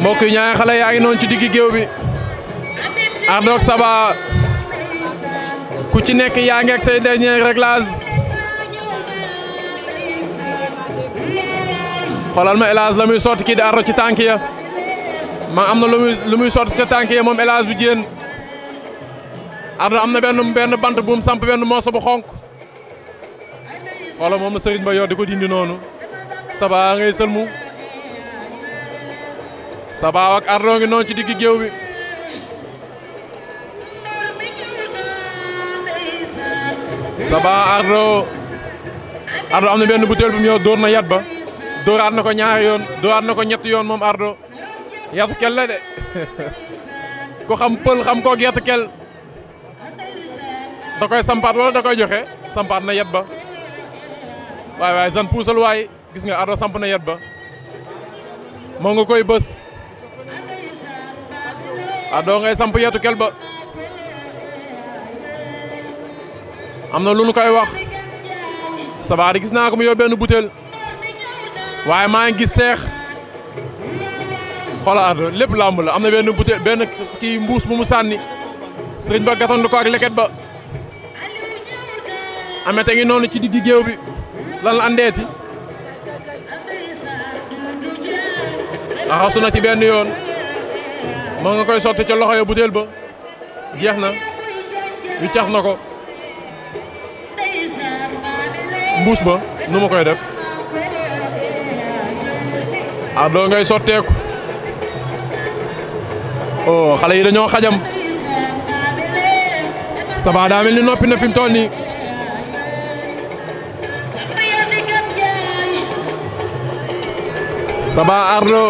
mbokk yi ñaari yaa ngi noonu ci diggi géew bi Ardo ak ku ci nekk yaa ngi ak say dernier réglage xoolal ma El la muy sotti kii di Ardo ci tànk ya ma am na lu muy lu muy sotti ca tànk ya moom El Hadj bu jéen Ardo am na benn benn bant bu mu samp benn mooso bu xonk wala moom la Serigne Ba yor di ko dindi noonu Saba ngay sëlmu ngi noonu ci digg géew bi Saba Ardo Ardo am na benn butéel bu mu yor dóor na yat ba dóoraat na ko ñaari yoon dóoraat na ko ñetti yoon moom Ardo yatu kel la de ko xam pël xam koo yatu kel da koy sampaat wala da koy joxe sampaat na yat ba. waay waay zan puusal waay gis nga Ardo samp na yet ba moo nga koy bës Ardo ngay samp yetu kel ba am na lu nu koy wax sabaari gis naa ko mu yóbbu benn butéel waaye maa ngi gis seex xoolal Ardo lépp làmb am na benn butéel benn ci mbuus bu mu sànni sëriñ ba gatandu ko ak leket ba amete ngi noonu ci diggi géew bi lan la andeeti axasu na ci benn yoon ma nga koy sotte ca loxo ya butéel ba jeex na cax na ko mbuus ba nu ma koy def a ah, doo ngay sotteeku o oh, xale yi dañoo xajam saba daa noppi na fi mu toll Saba Ardo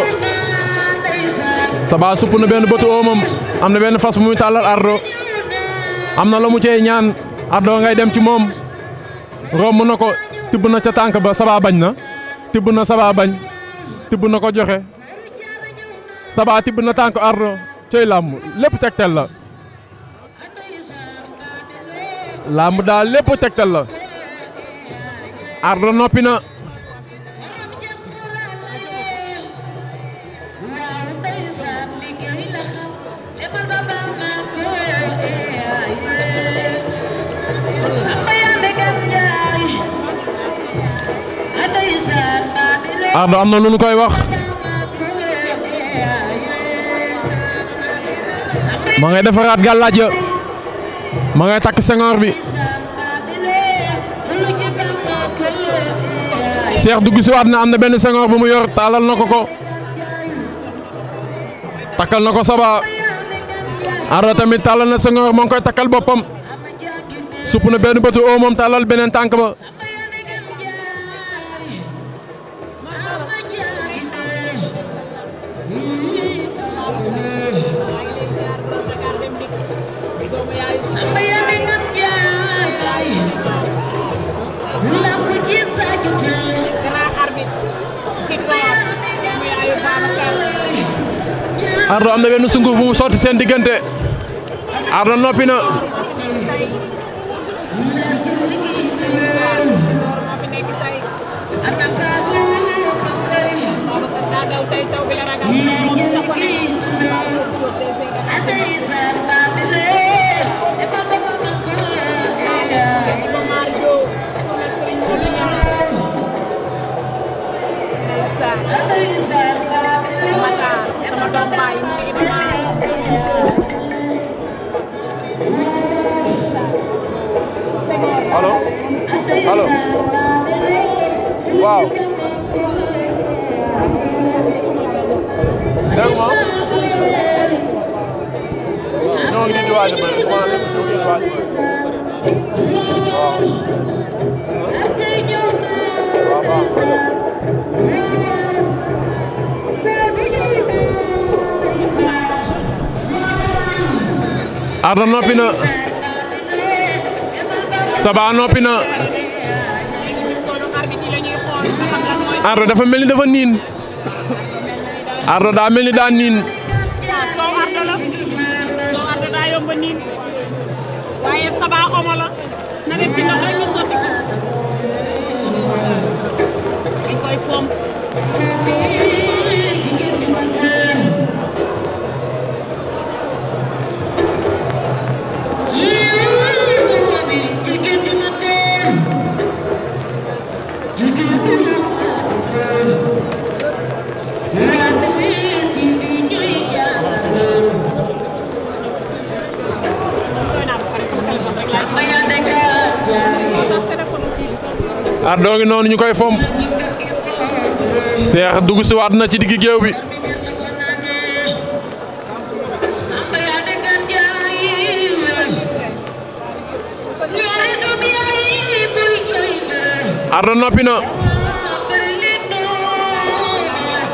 Saba supp na benn bëtu oomam am na benn fas bu muy tàllal Ardo am na la mu cey ñaan Ardo ngay dem ci moom romb na ko tibb na ca tànk ba Saba bañ na tibb na Saba bañ tibb na ko joxe Saba tibb na tànk Ardo cey làmb lépp tegtel la làmb daal lépp tegtal la Ardo noppi na. Ardo ah, am na lu ñu koy wax ma ngay defaraat gàllaaj ya ma ngay takk sengoor bi Cheikh dugg si waat na am na benn sengoor bu mu yor taalal na ko ko takkal na ko saba Ardo tamit taalal na sengoor moo ngi koy takkal boppam supp na benn bëtu oo moom taalal beneen tànk ba Ardo am na benn sunguf bu mu sotti seen diggante Ardo noppi na waaw a noppi na Ardo dafa mel ni dafa niin Ardo daa mel ni daa niin. Ardo ah, ngi noonu ñu koy fomp Cheikh dugg si waat na ci digg géew bi Ardo noppi na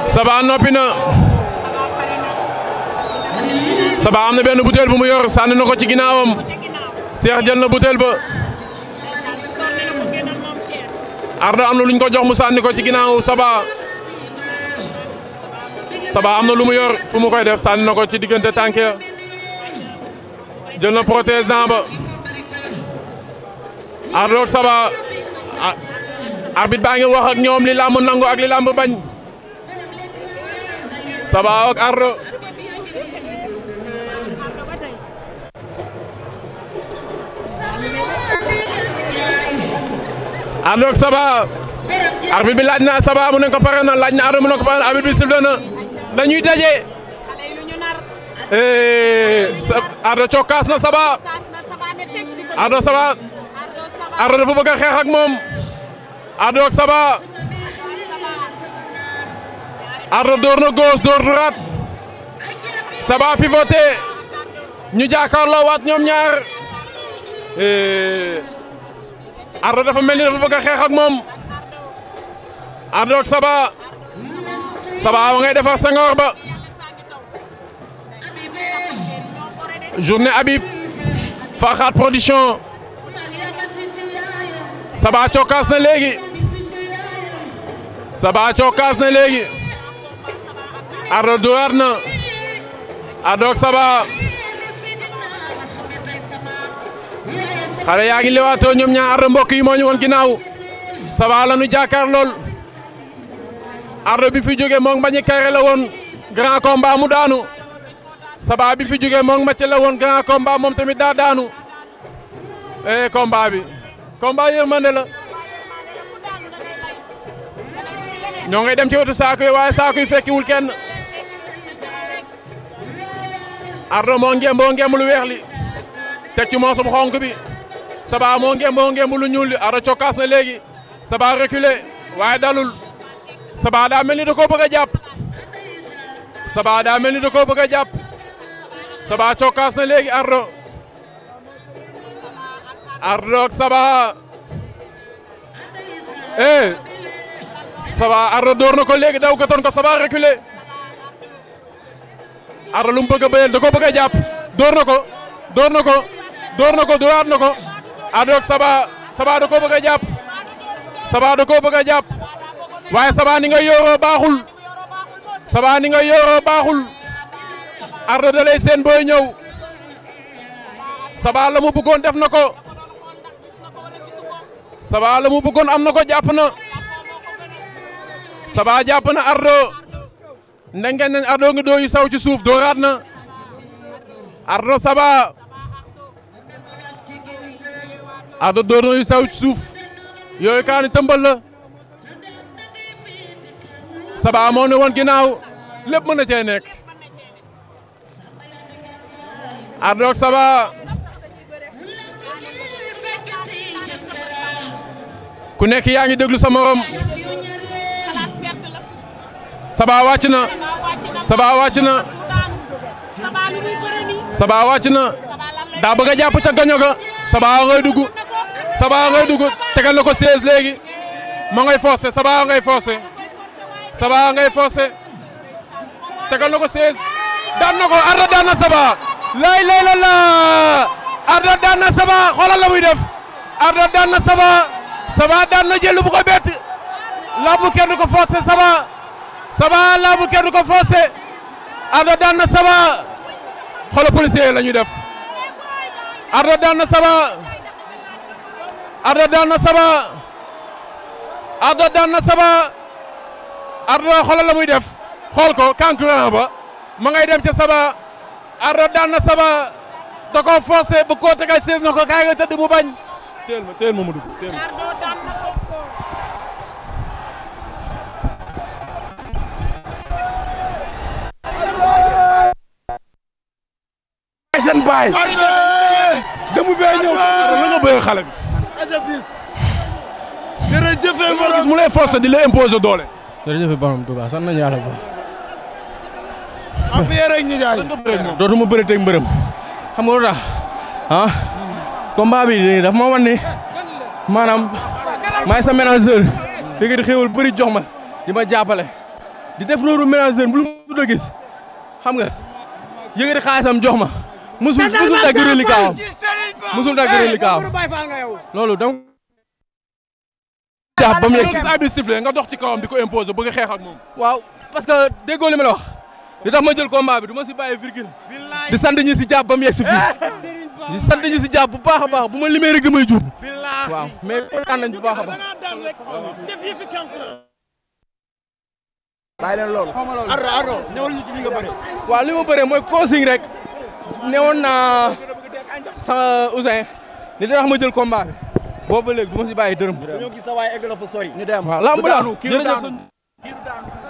Saba noppi na Saba am na benn butéel bu mu yor sànni na ko ci ginnaawam Cheikh jël na butéel ba Ardo am na luñ ko jox mu sànni ko ci ginnaaw Saba Saba am na lu mu yor fu mu koy def sànni na ko ci diggante tànk ya jël na protège dent ba Ardo ak Saba arbitre baa ngi wax ak ñoom li làmb nangu ak li làmb bañ Saba ak Ardo àndoog Saba arbitre bi laaj na Saba mu ne ko pare na laaj na Ada mu ne ko pare na arbitre bi sifflé na dañuy daje Ada eh, eh, cokkaas na Saba Ada Saba Ada dafa bëgg a xeex door na gauche door na rat Saba pivoté ñu jàkkaarloo waat ñoom ñaar eh. Ardo dafa mel ni dafa bëgg a xeex ak moom Ardo ak Saba Saba wa ngay defar Senghor ba journée Habib Fakhat production Saba cokkaas na léegi Saba cokkaas léegi Ardo na Ardo ak xale yaa ngi lewaatoo ñoom ñaar Ardo mbokk yi moo ñu woon ginnaaw Saba la nu jàkkaar lool Ardo bi fi jóge moom Mbagnick Kaïré la woon grand combat mu daanu Saba bi fi jóge moom Mathieu la woon grand combat moom tamit daa daanu eh combat bi combat yërmande la ñoo ngay dem ci wetu saako yi waaye saako yi fekkiwul kenn Ardo moo ngem boo ngem weex li teg ci moosum xonk bi Saba moo ngemb moo lu ñuul li Ada cokkaas na léegi Saba reculé waaye dalul Saba daa mel ni da koo bëgg a jàpp Saba daa mel ni da koo bëgg a jàpp Saba cokkaas na léegi Ardo Ardo Saba eh Saba Ardo door na ko léegi daw gatoon ko Saba reculé Ardo lu mu bëgg a bëyal da koo bëgg a jàpp door na ko door na ko door na ko dooraat na ko. Adok Saba Saba da koo bëgg jàpp Saba da koo bëgg a jàpp waaye Saba ni nga yoroo baaxul Saba ni nga yoroo baaxul Ardo da lay seen booy ñëw Saba la mu bëggoon def na ko Saba la mu bëggoon am na ko jàpp na Saba jàpp na Ardo ndenge nañ Ardo nga dooyu saw ci suuf dooraat na Ardo Saba Ardo door na yu sew ci suuf yooyu kaani tëmbal la Saba moo ne woon ginnaaw lépp mën na cee nekk Saba ku nekk yaa ngi déglu sa morom Saba wàcc na Saba wàcc na Saba wàcc na daa bëgg a jàpp ca gaño ga Saba ngay dugg Saba ngay dugg tegal na ko 16 léegi ma ngay forcé Saba ngay forcé Saba ngay forcé tegal na ko 16 daan ko Arda daan na Saba lay lay la Arda daan Saba xoolal la muy def Arda daan na Saba Saba daan na jël bu ko bett ko forcé Saba Saba laabu kenn ko forcé Arda daan Saba xoolal policier la def Arda daan Saba. Ardo daan na Saba Ardo daan na Saba Ardo xoolal la muy def xool ko concurrent ba dem ca Saba Ardo daan na bu ko tegal sees na ko kaay nga mu bañ. teel ma teel ma mu dugg teel ma. seen baay. Ardo demu bee ñëw. Ardo la nga bëgg xale bi. sa fils. jërëjëf moo mu lay forcer di lay imposer doole. jërëjëf borom Touba sant nañu yàlla bu baax. affaire rek ñu jaay. dootuma bëri teg mbërëm. xam ah, bi léegi daf ma wan ne maanaam maay sa manager léegi di bëri jox ma di ma jàppale. di def loolu manager bu lu mu gis xam nga yëngati xaalisam jox ma. musul musul dagg relikaawam musul dagg reliquat loolu dam jàpp ba mu yegg si abi sifflé nga dox ci kawam di ko imposer bëgg a xeex ak moom waaw parce que déggoo li ma la wax li tax ma jël combat bi du ma si bàyyi virgule di sant ñi si jàpp ba mu yegg si fii di sant ñi si jàpp bu baax a baax bu ma limee rek damay jub waaw mais kontaan nañ bu baax a baax bàyyi leen loolu ardo ardo ñëwal ñu ci li nga bëre waaw li ma mooy consigne rek sa Ousseyn li tax ma jël combat bi boobu ba léegi du ma si bàyyi dërëm. dañoo gis sa waay egg la fa ñu dem waaw lamb daanu kii du daanu